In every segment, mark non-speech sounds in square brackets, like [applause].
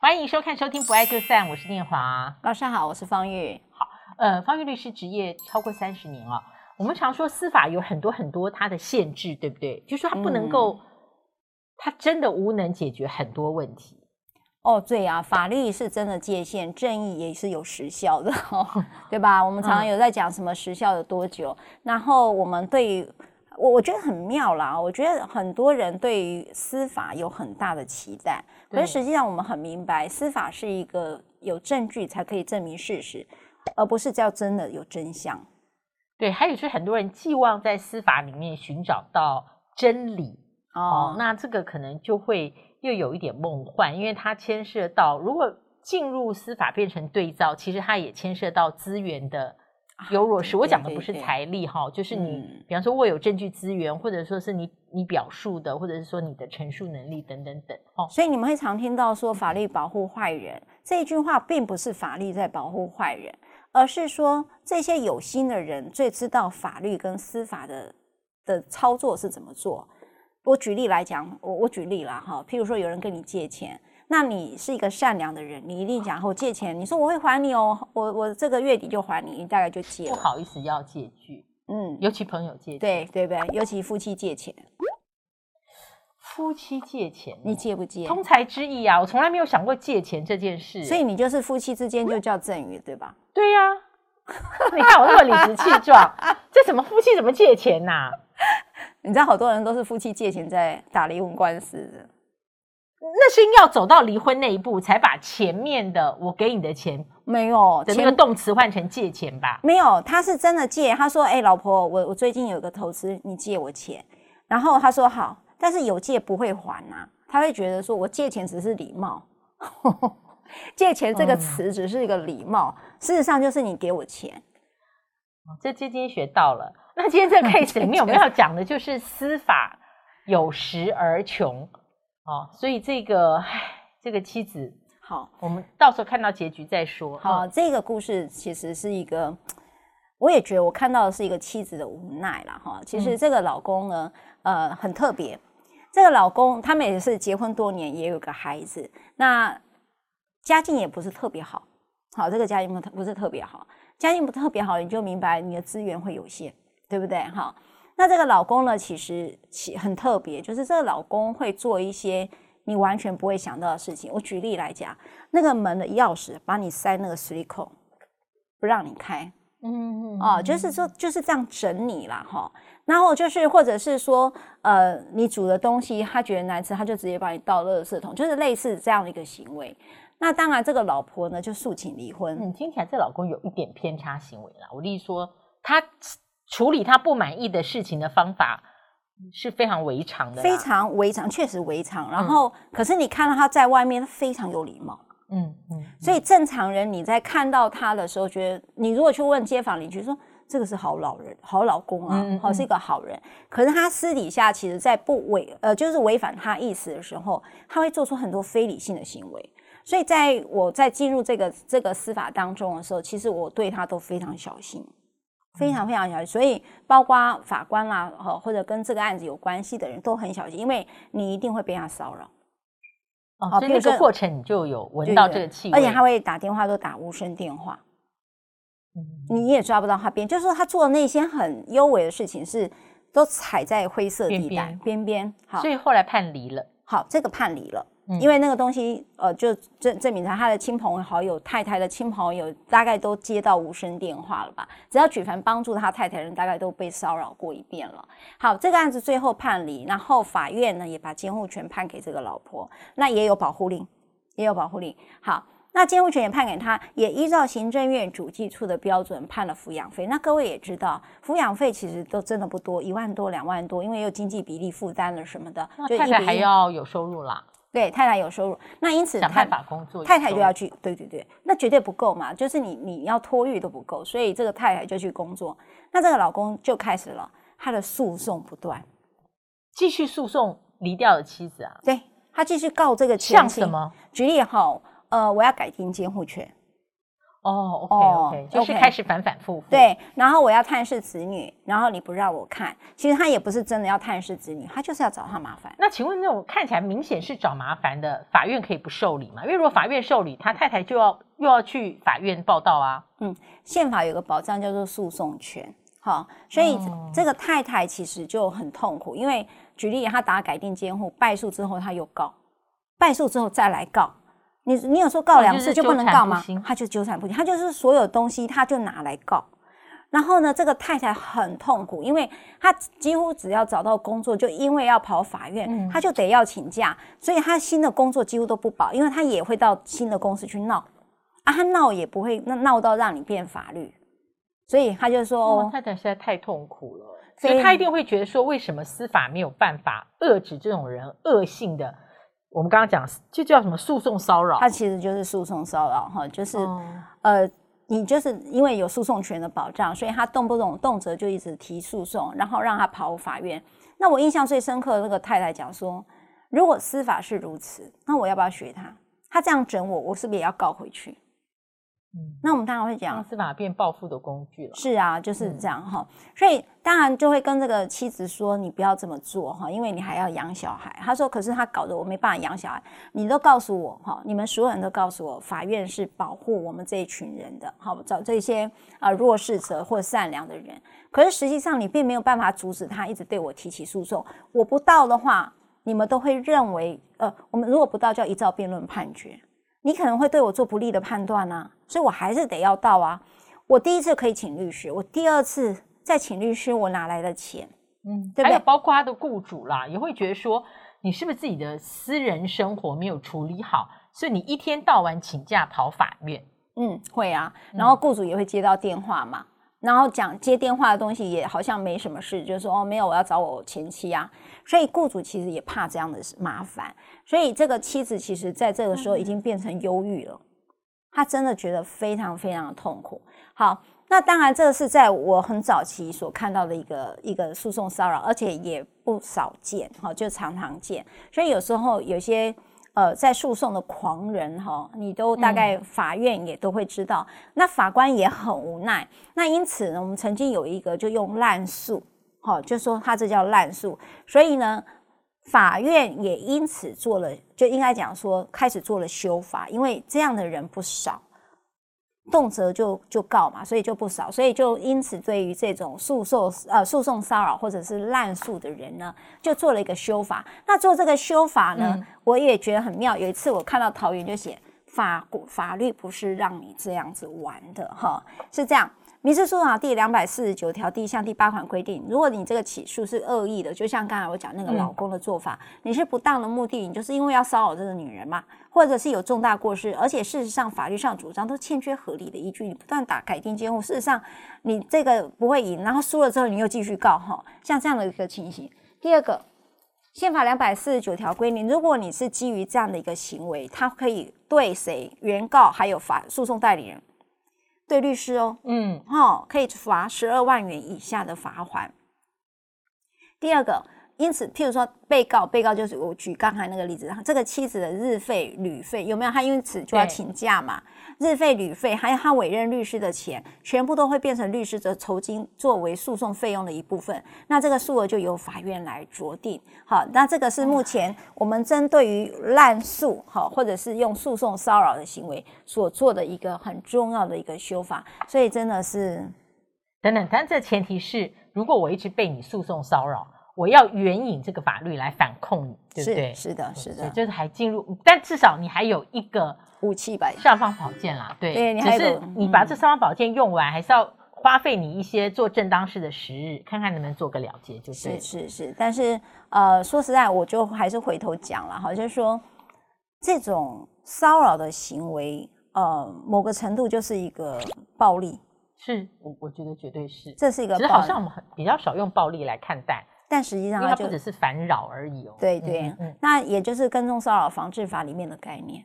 歡迎收看收聽《不愛就散》，我是念華。老師好，我是芳玉。好，呃、嗯，芳玉律師職業超過三十年了。我們常說司法有很多很多它的限制，對不對？就是說它不能夠，嗯、它真的無能解決很多問題。哦，對啊，法律是真的界限，正義也是有時效的，哦，對吧？我們常常有在講什麼時效有多久。嗯，然後我們對於我，我覺得很妙啦。我覺得很多人對於司法有很大的期待。可是實際上，我們很明白，司法是一個有證據才可以證明事實，而不是叫真的有真相。對，還有就是很多人寄望在司法裡面尋找到真理哦，哦，那這個可能就會又有一點夢幻，因為它牽涉到如果進入司法變成對照，其實它也牽涉到資源的優弱勢。啊、對對對對，我講的不是財力哈，哦，就是你，比方說握有證據資源，嗯、或者說是你。你表述的，或者是說你的陳述能力等等等，哦，所以你們會常聽到說“法律保護壞人”這一句話，並不是法律在保護壞人，而是說這些有心的人最知道法律跟司法的的操作是怎麼做。我舉例來講，我我舉例了哈，譬如說有人跟你借錢，那你是一個善良的人，你一定講我借錢，你說我會還你哦，我我這個月底就還你，你大概就借，不好意思要借據，嗯，尤其朋友借，對，對不對？尤其夫妻借錢。夫妻借錢，你借不借？通財之義啊。我從來沒有想過借錢這件事，所以你就是夫妻之間就叫贈與，對吧？對呀、啊， [laughs] 你看我那麼理直氣壯， [laughs] 這什麼夫妻怎麼借錢吶、啊？你知道，好多人都是夫妻借錢在打離婚官司的，那是因為要走到離婚那一步，才把前面的我給你的錢沒有前面的動詞換成借錢吧？前沒有，他是真的借。他說：“哎、欸，老婆，我我最近有個投資，你借我錢。”然後他說：“好。”但是有借不會還啊，他會覺得說：“我借錢只是禮貌，呵呵，借錢這個詞只是一個禮貌，嗯、事實上就是你給我錢。”這今天學到了。那今天這個 case 裡面我們要講的就是“司法有時而窮”哦，所以這個這個妻子好，我們到時候看到結局再說。好，哦、這個故事其實是一個，我也覺得我看到的是一個妻子的無奈了哈、哦。其實這個老公呢，呃，很特別。這個老公，他們也是結婚多年，也有個孩子，那家境也不是特別好。好，這個家境不特不是特別好，家境不特別好，你就明白你的資源會有限，對不對？哈，那這個老公呢，其實其很特別，就是這個老公會做一些你完全不會想到的事情。我舉例來講，那個門的鑰匙把你塞那個水口，不讓你開，嗯，嗯，嗯，哦，就是說就是這樣整你啦。哈、哦。然後就是，或者是說，呃，你煮的東西他覺得難吃，他就直接把你倒垃圾桶，就是類似這樣的一個行為。那當然，這個老婆呢就訴請離婚。嗯，聽起來這老公有一點偏差行為了。我跟你說，他處理他不滿意的事情的方法是非常違常的，非常違常，確實違常。然後，嗯、可是你看到他在外面他非常有禮貌嗯。嗯嗯。所以正常人你在看到他的時候，覺得你如果去問街坊鄰居說。這個是好老人，好老公啊，好、嗯、哼是一個好人。可是他私底下其實，在不違呃，就是違反他意思的時候，他會做出很多非理性的行為。所以在我在進入這個這個司法當中的時候，其實我對他都非常小心，非常非常小心。所以包括法官啦，或或者跟這個案子有關係的人都很小心，因為你一定會被他騷擾。哦，比如說，哦，所以那個過程你就有聞到這個氣味，對對，而且他會打電話都打無聲電話。你也抓不到他邊，就是說他做的那些很幽微的事情是都踩在灰色地帶邊邊，好，所以後來判離了。好，這個判離了，嗯、因為那個東西呃，就證證明他他的親朋好友、太太的親朋友大概都接到無聲電話了吧？只要舉凡幫助他太太的人，大概都被騷擾過一遍了。好，這個案子最後判離，然後法院呢也把監護權判給這個老婆，那也有保護令，也有保護令。好。那監護權也判給他，也依照行政院主計處的標準判了撫養費。那各位也知道，撫養費其實都真的不多，一萬多、兩萬多，因為有經濟比例負擔了什麼的。那太太還要有收入啦。對，太太有收入。那因此，想辦法工作，太太就要去。對對對，那絕對不夠嘛，就是你你要托育都不夠，所以這個太太就去工作。那這個老公就開始了他的訴訟不斷，繼續訴訟離掉的妻子啊。對，他繼續告這個妻子。像什麼？舉例好。呃，我要改定監護權。哦，OK，OK，就是開始反反复复。對，然後我要探視子女，然後你不讓我看。其實他也不是真的要探視子女，他就是要找他麻煩。那請問，那種看起來明顯是找麻煩的，法院可以不受理嗎？因為如果法院受理，他太太就要又要去法院報到啊。嗯，憲法有個保障叫做訴訟權。好，所以這個太太其實就很痛苦，因為舉例他打改定監護敗訴之後，他又告，敗訴之後再來告。你你有說告兩次就不能告嗎？嗯，就是、糾纏不清，他就糾纏不清，他就是所有東西他就拿來告，然後呢，這個太太很痛苦，因為他幾乎只要找到工作，就因為要跑法院，嗯、他就得要請假，所以他新的工作幾乎都不保，因為他也會到新的公司去鬧啊，他鬧也不會鬧到讓你變法律，所以他就說、嗯、太太實在太痛苦了，所以，所以他一定會覺得說，為什麼司法沒有辦法遏制這種人惡性的？我們剛剛講，就叫什麼訴訟騷擾？他其實就是訴訟騷擾哈，就是、嗯、呃，你就是因為有訴訟權的保障，所以他動不動動輒就一直提訴訟，然後讓他跑法院。那我印象最深刻的那個太太講說，如果司法是如此，那我要不要學他？他這樣整我，我是不是也要告回去？嗯，那我們當然會講司法變報復的工具了。是啊，就是這樣哈。嗯，所以當然就會跟這個妻子說：“你不要這麼做哈，因為你還要養小孩。”他說：“可是他搞得我沒辦法養小孩。”你都告訴我哈，你們所有人都告訴我，法院是保護我們這一群人的，好找這些啊弱勢者或善良的人。可是實際上，你並沒有辦法阻止他一直對我提起訴訟。我不到的話，你們都會認為呃，我們如果不到，叫依照辯論判決。你可能會對我做不利的判斷呢、啊，所以我還是得要到啊。我第一次可以請律師，我第二次再請律師，我哪來的錢？嗯，對不對？還有包括他的雇主啦，也會覺得說，你是不是自己的私人生活沒有處理好，所以你一天到晚請假跑法院。嗯，會啊，嗯、然後雇主也會接到電話嘛。然後講接電話的東西也好像沒什麼事，就是說哦沒有，我要找我前妻啊。所以雇主其實也怕這樣的麻煩，所以這個妻子其實在這個時候已經變成憂鬱了，她真的覺得非常非常的痛苦。好，那當然這是在我很早期所看到的一個一個訴訟騷擾，而且也不少見，好、哦、就常常見。所以有時候有些。呃，在訴訟的狂人哈，你都大概法院也都會知道，那法官也很無奈。那因此呢，我們曾經有一個就用濫訴，好，就說他這叫濫訴，所以呢，法院也因此做了，就應該講說開始做了修法，因為這樣的人不少。動輒就就告嘛，所以就不少，所以就因此對於這種訴訟呃訴訟騷擾或者是濫訴的人呢，就做了一個修法。那做這個修法呢，我也覺得很妙。有一次我看到桃園就寫，法國法律不是讓你這樣子玩的哈，是這樣。民事訴訟法第兩百四十九條第一項第八款規定，如果你這個起訴是惡意的，就像剛才我講那個老公的做法，你是不當的目的，你就是因為要騷擾這個女人嘛，或者是有重大過失，而且事實上法律上主張都欠缺合理的依據，你不斷打改定監護，事實上你這個不會贏，然後輸了之後你又繼續告哈，像這樣的一個情形。第二個，憲法兩百四十九條規定，如果你是基於這樣的一個行為，它可以對誰？原告還有法訴訟代理人。對律師哦，嗯，哈、哦，可以罰十二萬元以下的罰鍰。第二個。因此，譬如說被告，被告就是我舉剛才那個例子，這個妻子的日費、旅費有沒有？他因此就要請假嘛？對日費、旅費還有他委任律師的錢，全部都會變成律師的酬金，作為訴訟費用的一部分。那這個數額就由法院來酌定。好，那這個是目前我們針對於濫訴，哈，或者是用訴訟騷擾的行為所做的一個很重要的一個修法。所以真的是，等等，但這前提是，如果我一直被你訴訟騷擾。我要援引這個法律來反控你，對不對？是，是的，是的，就是還進入，但至少你還有一個武器吧，尚方寶劍啦。對，對你還只是你把這尚方寶劍用完，嗯、還是要花費你一些做正當事的時日，看看能不能做個了結就對，就是。是是是但是呃，說實在，我就還是回頭講了好像、就是、說這種騷擾的行為，呃，某個程度就是一個暴力。是，我我覺得絕對是，這是一個暴力，好像我們很比較少用暴力來看待。但實際上，它就只是煩擾而已哦。對對，那也就是跟蹤騷擾防治法裡面的概念，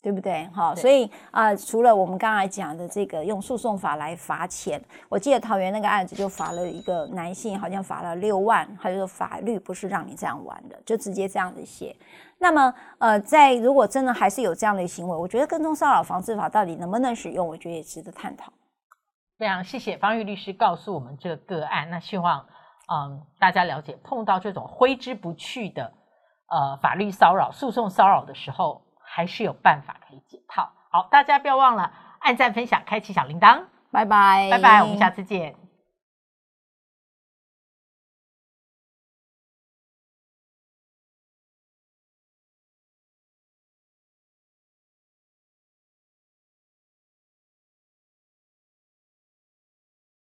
對不對？好對、哦，所以啊，呃，除了我們剛才講的這個用訴訟法來罰錢，我記得桃園那個案子就罰了一個男性，好像罰了六萬，還有法律不是讓你這樣玩的，就直接這樣子寫。那麼呃，在如果真的還是有這樣的行為，我覺得跟蹤騷擾防治法到底能不能使用，我覺得也值得探討。非常謝謝芳玉律師告訴我們這個個案，那希望。嗯，大家了解，碰到這種揮之不去的，呃，法律騷擾、訴訟騷擾的時候，還是有辦法可以解套。好，大家不要忘了按贊、分享、開啟小鈴鐺。拜拜 bye，拜拜，我們下次見。